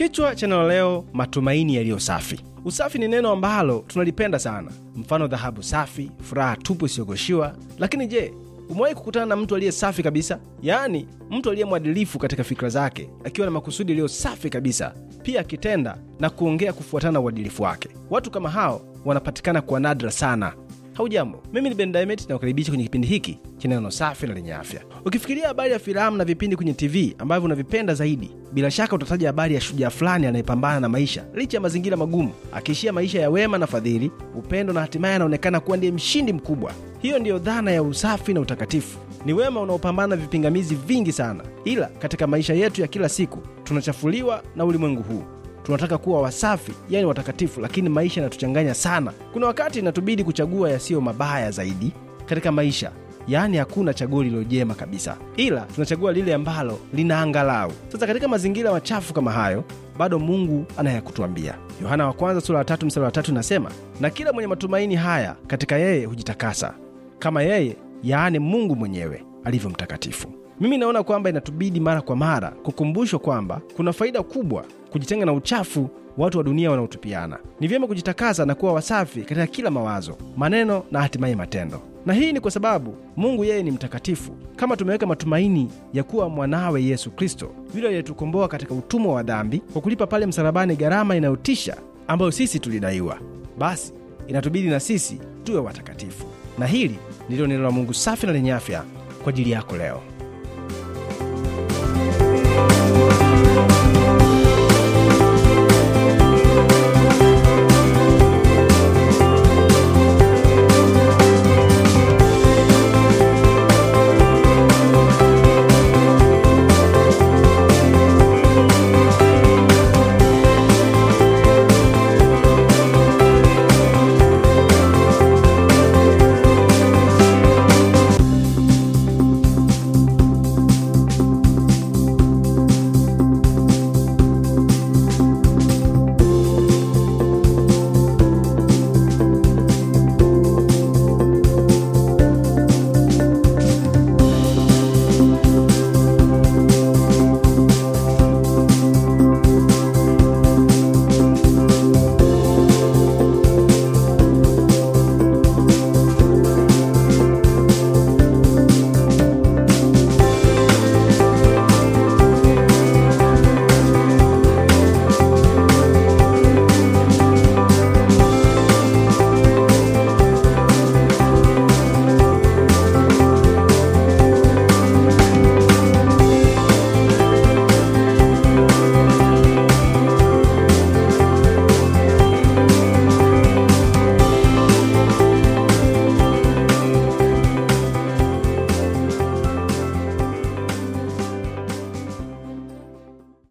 Kichwa cha neno leo, matumaini yaliyo safi. Usafi ni neno ambalo tunalipenda sana, mfano dhahabu safi, furaha tupu isiyogoshiwa. Lakini je, umewahi kukutana na mtu aliye safi kabisa? Yaani mtu aliye mwadilifu katika fikra zake, akiwa na makusudi yaliyo safi kabisa, pia akitenda na kuongea kufuatana na uadilifu wake. Watu kama hao wanapatikana kwa nadra sana Haujambo, mimi ni Ben Diamond na kukaribisha kwenye kipindi hiki chenye neno safi na lenye afya. Ukifikiria habari ya filamu na vipindi kwenye TV ambavyo unavipenda zaidi, bila shaka utataja habari ya shujaa fulani anayepambana na maisha licha ya mazingira magumu, akiishia maisha ya wema na fadhili, upendo na hatimaye anaonekana kuwa ndiye mshindi mkubwa. Hiyo ndiyo dhana ya usafi na utakatifu. Ni wema unaopambana vipingamizi vingi sana, ila katika maisha yetu ya kila siku tunachafuliwa na ulimwengu huu tunataka kuwa wasafi, yani watakatifu, lakini maisha yanatuchanganya sana. Kuna wakati inatubidi kuchagua yasiyo mabaya zaidi katika maisha, yaani hakuna chaguo lililojema kabisa, ila tunachagua lile ambalo lina angalau. Sasa katika mazingira machafu kama hayo, bado Mungu anayakutuambia. Yohana wa kwanza sura tatu wa tatu inasema, na kila mwenye matumaini haya katika yeye hujitakasa kama yeye, yaani Mungu mwenyewe alivyo mtakatifu. Mimi naona kwamba inatubidi mara kwa mara kukumbushwa kwamba kuna faida kubwa kujitenga na uchafu watu wa dunia wanaotupiana. Ni vyema kujitakasa na kuwa wasafi katika kila mawazo, maneno na hatimaye matendo. Na hii ni kwa sababu Mungu yeye ni mtakatifu. Kama tumeweka matumaini ya kuwa mwanawe Yesu Kristo, yule aliyetukomboa katika utumwa wa dhambi kwa kulipa pale msalabani gharama inayotisha ambayo sisi tulidaiwa, basi inatubidi na sisi tuwe watakatifu. Na hili ndilo neno la Mungu safi na lenye afya kwa ajili yako leo.